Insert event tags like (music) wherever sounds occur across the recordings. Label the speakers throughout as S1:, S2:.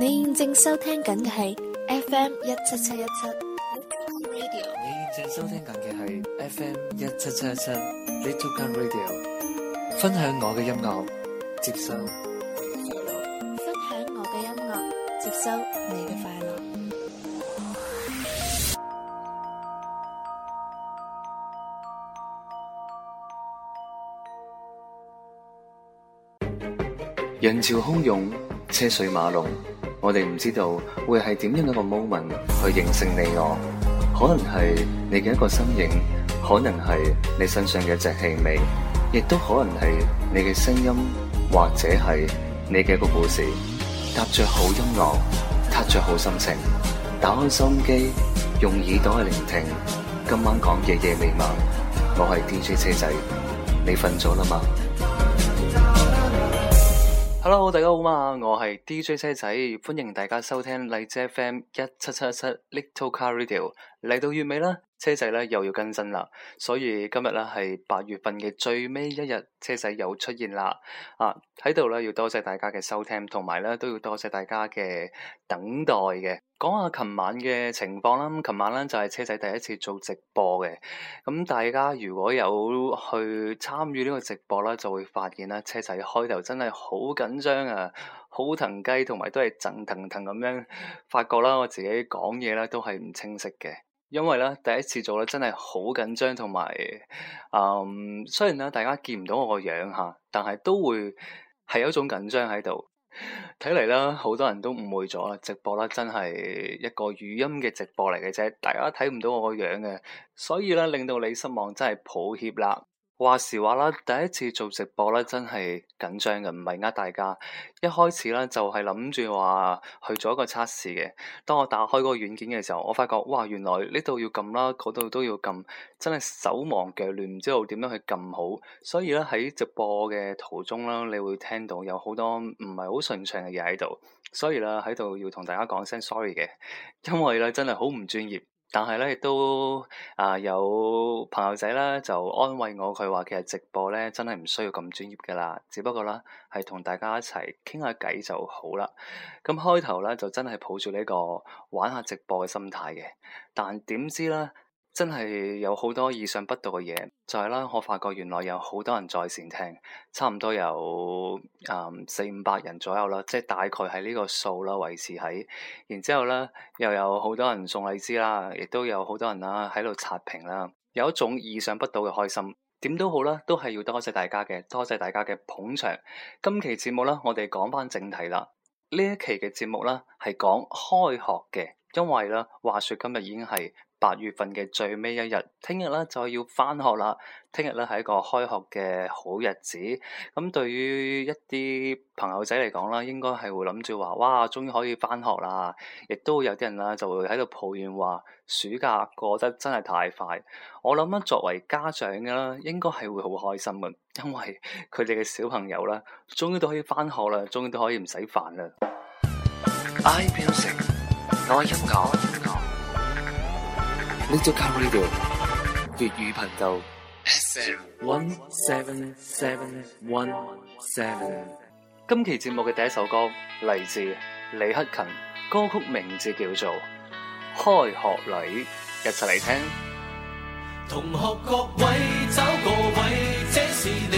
S1: 你現正收聽緊嘅係 FM 一七
S2: 七一七，你現正收聽緊嘅係 FM 一七七一七，Let You Can Radio。分享我嘅音樂接收，
S3: 分享我嘅音樂接收你嘅快樂。
S2: 人潮洶湧，車水馬龍。我哋唔知道會係點樣一個 moment 去認識你我，可能係你嘅一個身影，可能係你身上嘅一陣氣味，亦都可能係你嘅聲音，或者係你嘅一個故事，踏着好音樂，踏着好心情，打開心機，用耳朵去聆聽，今晚講夜夜美夢，我係 DJ 車仔，你瞓咗啦嘛？Hello，大家好嘛，我係 DJ 車仔，歡迎大家收聽荔枝 FM 一七七七 Little Car Radio，嚟到月尾啦。車仔咧又要更新啦，所以今日咧係八月份嘅最尾一日，車仔又出現啦。啊，喺度咧要多謝大家嘅收聽，同埋咧都要多謝大家嘅等待嘅。講下琴晚嘅情況啦，琴晚咧就係車仔第一次做直播嘅。咁大家如果有去參與呢個直播啦，就會發現啦，車仔開頭真係好緊張啊，好騰雞，同埋都係震騰騰咁樣，發覺啦我自己講嘢啦都係唔清晰嘅。因為咧第一次做咧真係好緊張，同埋，嗯，雖然咧大家見唔到我個樣吓，但係都會係有一種緊張喺度。睇嚟啦，好多人都誤會咗啦，直播咧真係一個語音嘅直播嚟嘅啫，大家睇唔到我個樣嘅，所以咧令到你失望真係抱歉啦。話時話啦，第一次做直播咧，真係緊張嘅，唔係呃大家。一開始咧就係諗住話去做一個測試嘅。當我打開嗰個軟件嘅時候，我發覺哇，原來呢度要撳啦，嗰度都要撳，真係手忙腳亂，唔知道點樣去撳好。所以咧喺直播嘅途中啦，你會聽到有好多唔係好順暢嘅嘢喺度。所以咧喺度要同大家講聲 sorry 嘅，因為咧真係好唔專業。但係咧，亦都啊有朋友仔咧，就安慰我，佢話其實直播咧真係唔需要咁專業噶啦，只不過咧係同大家一齊傾下偈就好啦。咁開頭咧就真係抱住呢個玩下直播嘅心態嘅，但點知咧？真係有好多意想不到嘅嘢，就係啦，我發覺原來有好多人在線聽，差唔多有誒四五百人左右啦，即係大概係呢個數啦，維持喺。然之後呢，又有好多人送荔枝啦，亦都有好多人啦喺度刷屏啦，有一種意想不到嘅開心。點都好啦，都係要多謝大家嘅，多謝大家嘅捧場。今期節目呢，我哋講翻正題啦。呢一期嘅節目呢，係講開學嘅，因為呢話説今日已經係。八月份嘅最尾一日，聽日咧，就要翻學啦。聽日咧，係一個開學嘅好日子。咁對於一啲朋友仔嚟講啦，應該係會諗住話，哇，終於可以翻學啦。亦都有啲人啦，就會喺度抱怨話，暑假過得真係太快。我諗啊，作為家長嘅啦，應該係會好開心嘅，因為佢哋嘅小朋友啦，終於都可以翻學啦，終於都可以唔使煩啦。I Little Cavalier，粵語頻道。One Seven Seven One Seven。今期節目嘅第一首歌嚟自李克勤，歌曲名字叫做《開學禮》，一齊嚟聽。
S4: 同學各位，找個位，這是。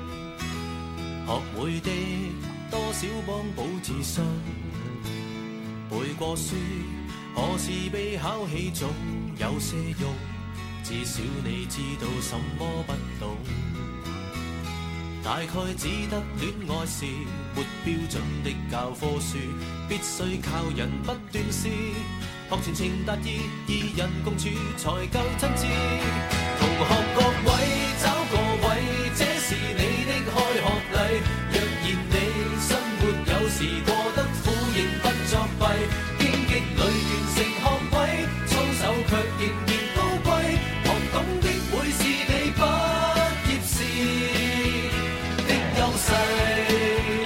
S4: 學會的多少幫補智商，背過書，何時被考起總有些用，至少你知道什麼不懂。大概只得戀愛是沒標準的教科書，必須靠人不斷試，學全情達意，二人共處才夠真摯。同學各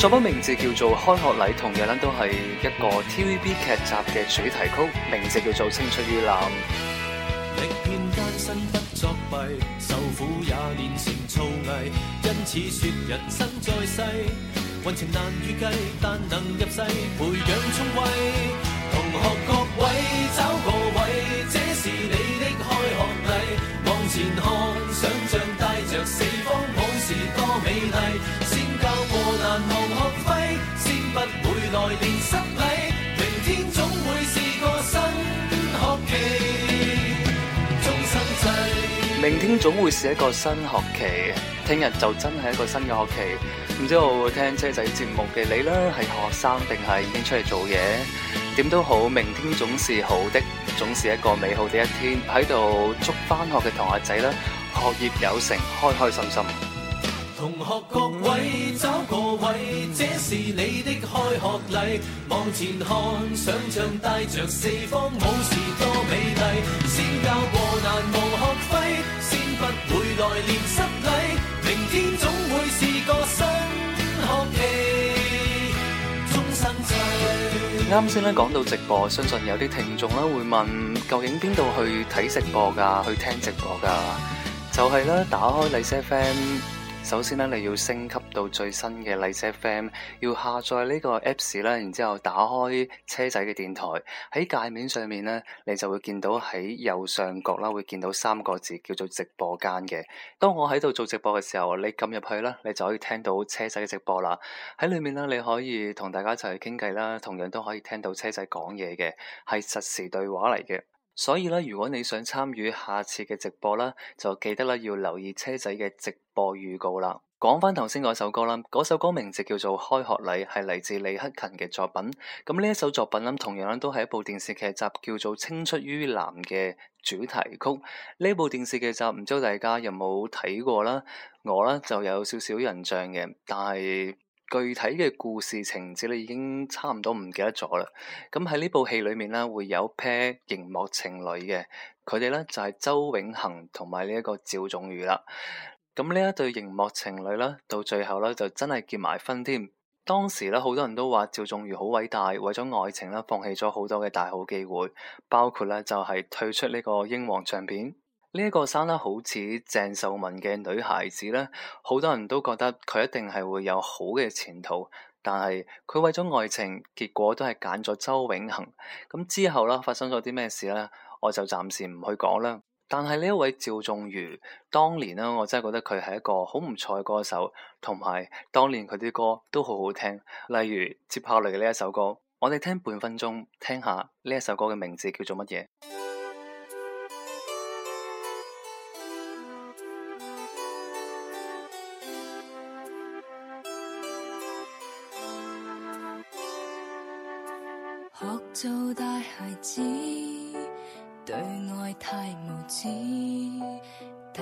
S2: 什麼名字叫做開學禮？同樣都係一個 TVB 劇集嘅主題曲，名字叫做《青出於藍》。
S4: 歷遍艱辛不作弊，受苦也練成造詣。因此説人生在世，運程難預計，但能入世培養充貴。同學各位找個位，這是你的開學禮，往前。
S2: 明天總會是一個新學期，聽日就真係一個新嘅學期。唔知我會聽車仔節目嘅你啦，係學生定係已經出嚟做嘢？點都好，明天總是好的，總是一個美好的一天。喺度祝翻學嘅同學仔啦，學業有成，開開心心。
S4: 同學各位，找個位，這是你的開學禮。望前看，想象帶着四方舞士多美麗，先教過難無學費。年失明天是期
S2: 生，啱先咧講到直播，相信有啲聽眾咧會問，究竟邊度去睇直播㗎，去聽直播㗎？就係、是、咧，打開麗思 FM。首先咧，你要升級到最新嘅麗車 FM，要下載呢個 Apps 咧，然之後打開車仔嘅電台，喺界面上面咧，你就會見到喺右上角啦，會見到三個字叫做直播間嘅。當我喺度做直播嘅時候，你撳入去啦，你就可以聽到車仔嘅直播啦。喺裏面咧，你可以同大家一齊去傾偈啦，同樣都可以聽到車仔講嘢嘅，係實時對話嚟嘅。所以咧，如果你想參與下次嘅直播啦，就記得啦，要留意車仔嘅直播預告啦。講翻頭先嗰首歌啦，嗰首歌名字叫做《開學禮》，係嚟自李克勤嘅作品。咁呢一首作品咧，同樣咧都係一部電視劇集叫做《青出於藍》嘅主題曲。呢部電視劇集唔知大家有冇睇過啦？我咧就有少少印象嘅，但係。具體嘅故事情節咧，已經差唔多唔記得咗啦。咁喺呢部戲裏面咧，會有 pair 熒幕情侶嘅，佢哋咧就係周永恒同埋呢一個趙仲宇啦。咁呢一對熒幕情侶咧，到最後咧就真係結埋婚添。當時咧好多人都話趙仲宇好偉大，為咗愛情咧放棄咗好多嘅大好機會，包括咧就係退出呢個英皇唱片。呢一個生得好似鄭秀文嘅女孩子咧，好多人都覺得佢一定係會有好嘅前途，但係佢為咗愛情，結果都係揀咗周永恒。咁之後啦，發生咗啲咩事呢？我就暫時唔去講啦。但係呢一位趙仲瑜，當年呢，我真係覺得佢係一個好唔錯嘅歌手，同埋當年佢啲歌都好好聽。例如接下來嘅呢一首歌，我哋聽半分鐘，聽下呢一首歌嘅名字叫做乜嘢？
S1: 孩子對愛太無知，但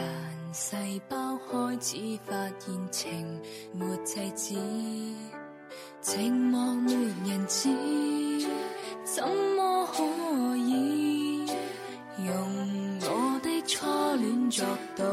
S1: 細胞開始發現情沒制止，寂寞沒人知，怎麼可以用我的初戀作賭？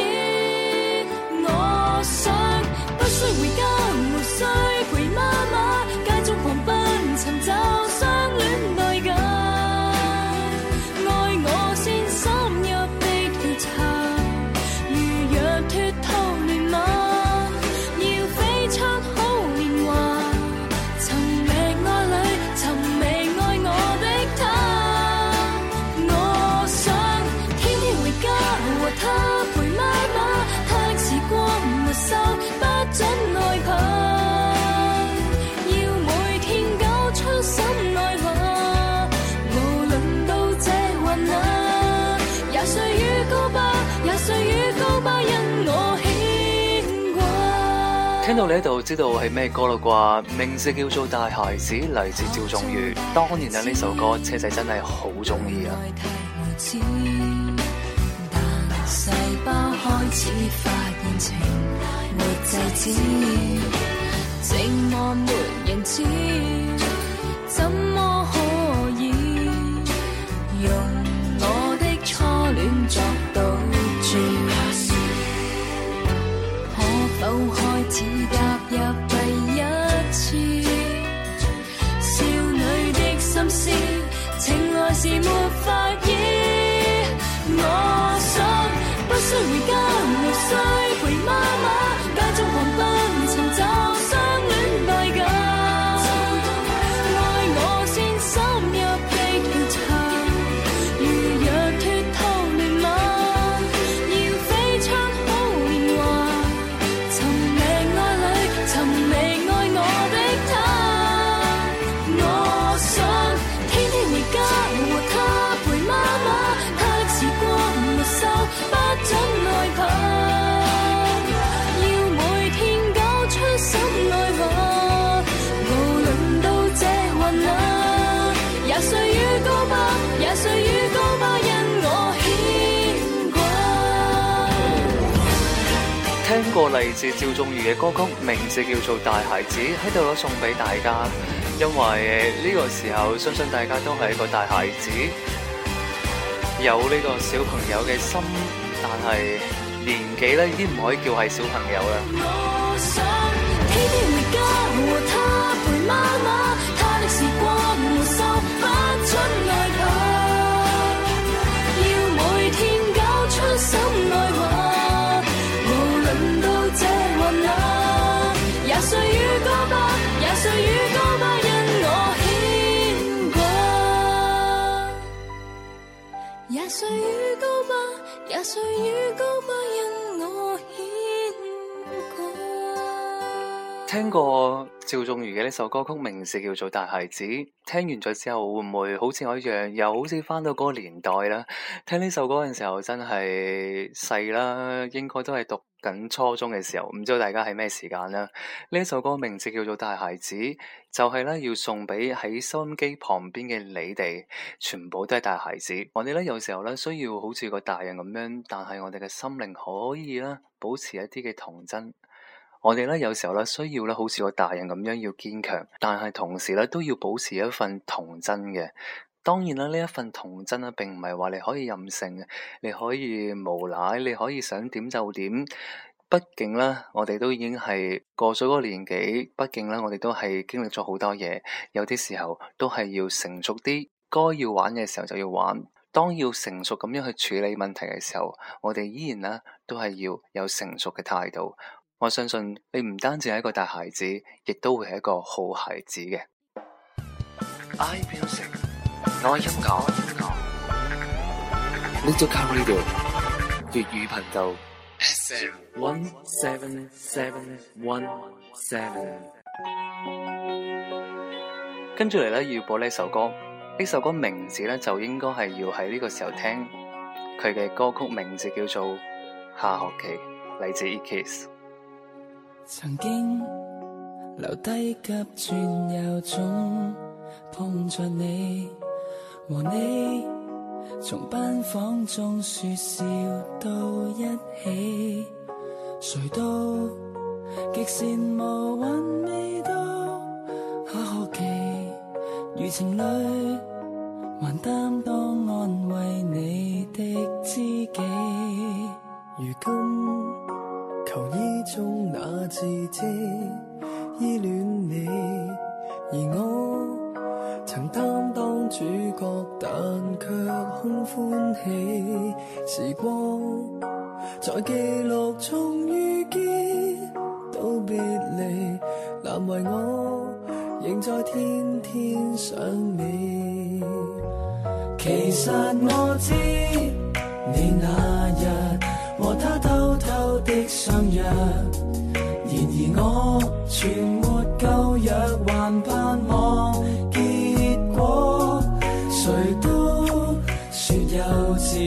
S2: 聽到你呢度，知道係咩歌嘞啩？名字叫做《大孩子》，嚟自趙仲瑜。當年然啊，呢子首歌車仔真係好中
S1: 意啊！就開始踏入第一次，少女的心思，情愛是沒法醫，我想不需回家，無需。
S2: 呢個嚟自趙仲儀嘅歌曲，名字叫做《大孩子》，喺度攞送俾大家。因為呢個時候，相信大家都係一個大孩子，有呢個小朋友嘅心，但係年紀咧，已經唔可以叫係小朋友啦。聽過趙仲瑜嘅呢首歌曲，名字叫做《大孩子》。聽完咗之後，會唔會好似我一樣，又好似返到嗰個年代啦？聽呢首歌嘅時候，真係細啦，應該都係讀。緊初中嘅時候，唔知道大家係咩時間啦？呢首歌名字叫做《大孩子》，就係咧要送俾喺收音機旁邊嘅你哋，全部都係大孩子。我哋咧有時候咧需要好似個大人咁樣，但係我哋嘅心靈可以咧保持一啲嘅童真。我哋咧有時候咧需要咧好似個大人咁樣要堅強，但係同時咧都要保持一份童真嘅。當然啦，呢一份童真啊，並唔係話你可以任性啊，你可以無賴，你可以想點就點。畢竟啦，我哋都已經係過咗嗰個年紀，畢竟啦，我哋都係經歷咗好多嘢，有啲時候都係要成熟啲。該要玩嘅時候就要玩，當要成熟咁樣去處理問題嘅時候，我哋依然咧都係要有成熟嘅態度。我相信你唔單止係一個大孩子，亦都會係一個好孩子嘅。我音樂 l i 粵語頻道。跟住嚟咧，要播呢首歌。呢首歌名字咧就應該係要喺呢個時候聽，佢嘅歌曲名字叫做《下學期》，嚟自 Eclipse。K、S.
S1: 曾經留低急
S3: 轉又總碰着你。和你從班房中說笑到一起，誰都極羨慕，還未到下學期，如情侶還擔當安慰你的知己，如今求醫中那字跡依戀你，而我。曾擔當主角，但却空歡喜。時光在記錄中遇見，到別離，難為我仍在天天想你。其實我知你那日和他偷偷的相約，然而我全沒夠約。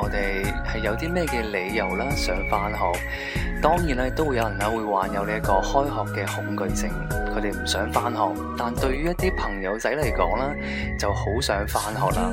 S2: 我哋係有啲咩嘅理由啦想返學？當然啦，都會有人咧會患有呢一個開學嘅恐懼症，佢哋唔想返學。但對於一啲朋友仔嚟講啦，就好想返
S3: 學啦。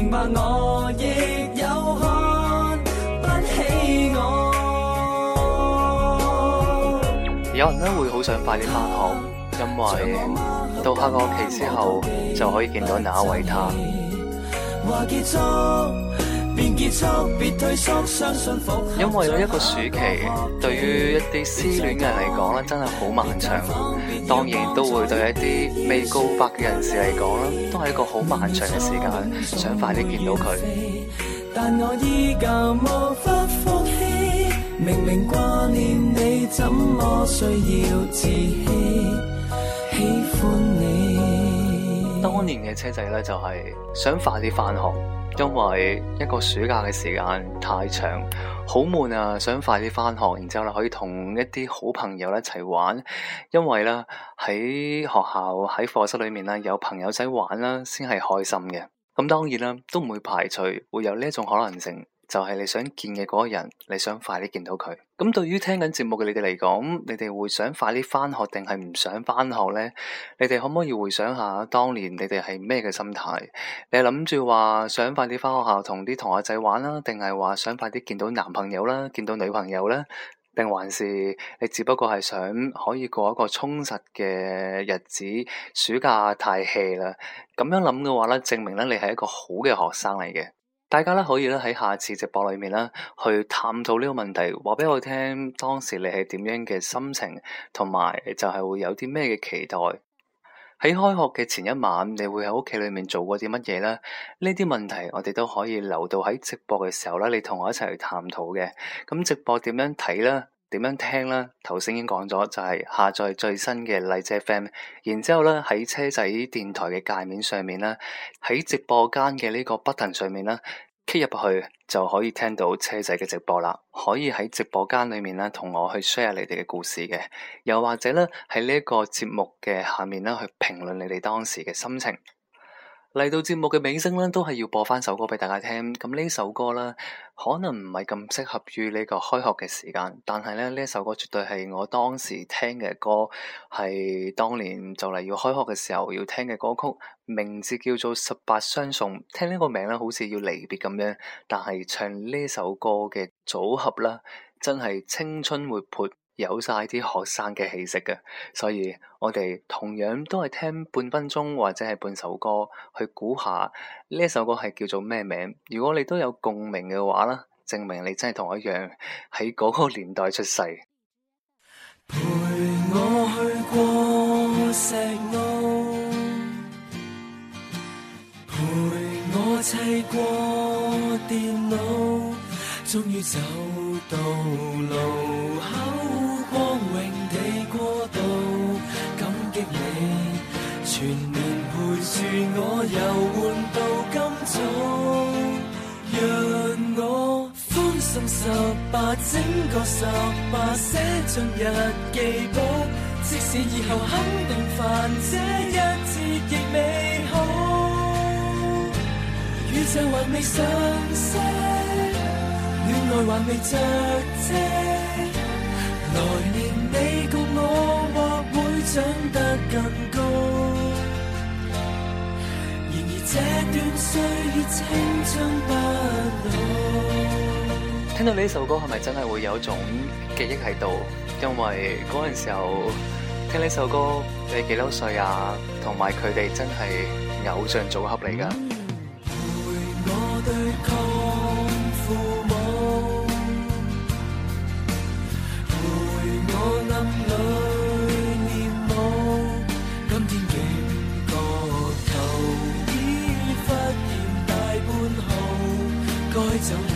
S2: 有人呢會好想快啲返學，因為到下個學期之後就可以見到那位他。因為有一個暑期，對於一啲失戀嘅人嚟講咧，真係好漫長。當然都會對一啲未告白嘅人士嚟講，都係一個好漫長嘅時間，想快啲見到佢。
S3: 但我依舊無法放棄，明明掛念
S2: 你，怎麼。 (music) 需要自欺喜歡你。當年嘅車仔咧，就係想快啲翻學，因為一個暑假嘅時間太長，好悶啊！想快啲翻學，然之後咧，可以同一啲好朋友一齊玩，因為咧，喺學校喺課室裏面咧有朋友仔玩啦，先係開心嘅。咁當然啦，都唔會排除會有呢一種可能性。就係你想見嘅嗰個人，你想快啲見到佢。咁對於聽緊節目嘅你哋嚟講，你哋會想快啲翻學定係唔想翻學咧？你哋可唔可以回想下當年你哋係咩嘅心態？你諗住話想快啲翻學校同啲同學仔玩啦，定係話想快啲見到男朋友啦，見到女朋友咧？定還是你只不過係想可以過一個充實嘅日子？暑假太 hea 啦！咁樣諗嘅話咧，證明咧你係一個好嘅學生嚟嘅。大家咧，可以咧，喺下次直播裏面咧，去探討呢個問題，話俾我聽當時你係點樣嘅心情，同埋就係會有啲咩嘅期待。喺開學嘅前一晚，你會喺屋企裏面做過啲乜嘢咧？呢啲問題我哋都可以留到喺直播嘅時候啦，你同我一齊去探討嘅。咁直播點樣睇咧？點樣聽呢？頭先已經講咗，就係下載最新嘅荔枝 FM，然之後咧喺車仔電台嘅界面上面呢，喺直播間嘅呢個 button 上面呢 k 入去就可以聽到車仔嘅直播啦。可以喺直播間裏面呢，同我去 share 你哋嘅故事嘅，又或者呢，喺呢一個節目嘅下面呢，去評論你哋當時嘅心情。嚟到節目嘅尾聲咧，都係要播翻首歌畀大家聽。咁呢首歌咧，可能唔係咁適合於呢個開學嘅時間，但係咧呢首歌絕對係我當時聽嘅歌，係當年就嚟要開學嘅時候要聽嘅歌曲，名字叫做《十八相送》。聽呢個名咧，好似要離別咁樣，但係唱呢首歌嘅組合咧，真係青春活潑。有晒啲學生嘅氣息嘅，所以我哋同樣都係聽半分鐘或者係半首歌去估下呢首歌係叫做咩名。如果你都有共鳴嘅話啦，證明你真係同我一樣喺嗰個年代出世。
S3: 陪我去過石澳，陪我砌過電腦，終於走到路口。全年陪住我遊玩到今早，讓我歡送十八，整個十八寫進日記簿。即使以後肯定煩，這一次極美好，宇宙還未上色，戀愛還未着車，來年你共我或會長得更高。這段歲月青春
S2: 不老。聽到呢首歌，係咪真係會有種記憶喺度？因為嗰陣時候聽呢首歌，你幾多歲啊？同埋佢哋真係偶像組合嚟㗎。
S3: 走了，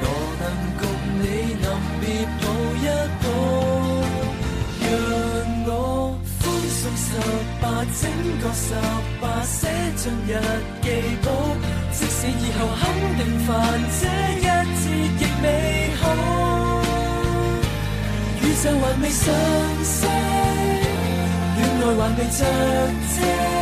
S3: 如我能共你臨別抱一抱？讓我歡送十八，整個十八寫進日記簿。即使以後肯定煩，這一節亦美好。宇宙還未上色，戀愛還未着色。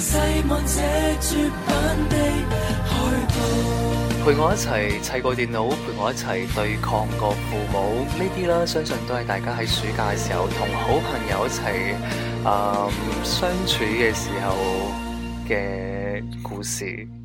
S2: 陪我一齊砌過電腦，陪我一齊對抗過父母，呢啲啦，相信都係大家喺暑假嘅時候同好朋友一齊誒、呃、相處嘅時候嘅故事。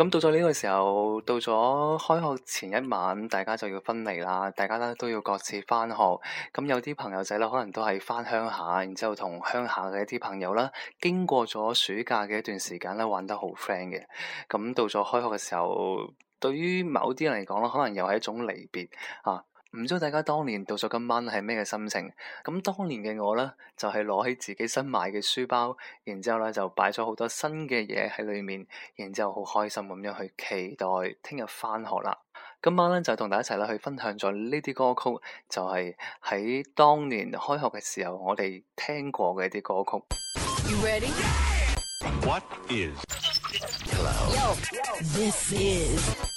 S2: 咁到咗呢個時候，到咗開學前一晚，大家就要分離啦。大家咧都要各自翻學。咁有啲朋友仔咧，可能都係翻鄉下，然之後同鄉下嘅一啲朋友咧，經過咗暑假嘅一段時間咧，玩得好 friend 嘅。咁到咗開學嘅時候，對於某啲人嚟講咧，可能又係一種離別啊。唔知道大家當年到咗今晚係咩嘅心情？咁當年嘅我呢，就係、是、攞起自己新買嘅書包，然之後呢就擺咗好多新嘅嘢喺裏面，然之後好開心咁樣去期待聽日返學啦。今晚呢，就同大家一齊去分享咗呢啲歌曲，就係、是、喺當年開學嘅時候我哋聽過嘅一啲歌曲。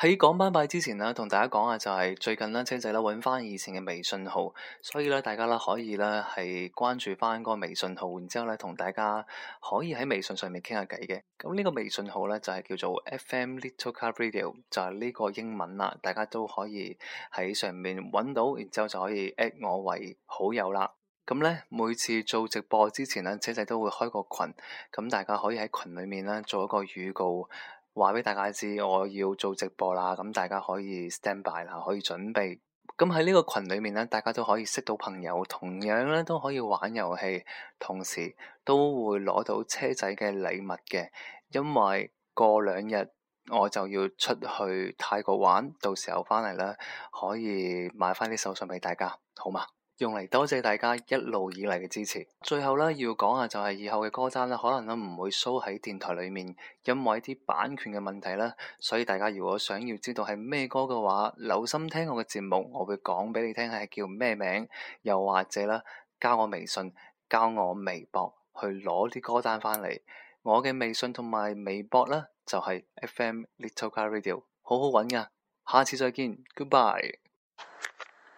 S2: 喺講班拜之前呢，同大家講下就係最近呢，車仔咧揾翻以前嘅微信號，所以咧大家咧可以咧係關注翻個微信號，然之後咧同大家可以喺微信上面傾下偈嘅。咁呢個微信號咧就係叫做 FM Little Car Radio，就係呢個英文啦，大家都可以喺上面揾到，然之後就可以 add 我為好友啦。咁咧每次做直播之前呢，車仔都會開個群，咁大家可以喺群裏面咧做一個預告。話畀大家知，我要做直播啦，咁大家可以 stand by 啦，可以準備。咁喺呢個群裏面咧，大家都可以識到朋友，同樣咧都可以玩遊戲，同時都會攞到車仔嘅禮物嘅。因為過兩日我就要出去泰國玩，到時候翻嚟咧可以買翻啲手信俾大家，好嘛？用嚟多謝大家一路以嚟嘅支持。最後咧要講下就係以後嘅歌單咧，可能都唔會 show 喺電台裏面，因為啲版權嘅問題啦。所以大家如果想要知道係咩歌嘅話，留心聽我嘅節目，我會講俾你聽係叫咩名，又或者咧加我微信、加我微博去攞啲歌單翻嚟。我嘅微信同埋微博呢，就係 FM Little Car Radio，好好揾噶。下次再見，Goodbye。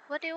S2: What do you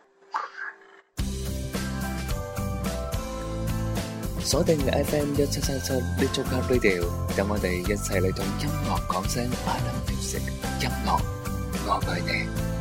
S2: 鎖定、SO、FM 一七七七的獨家 radio，等我哋一齊嚟同音樂講聲快樂美食，音樂我愛你。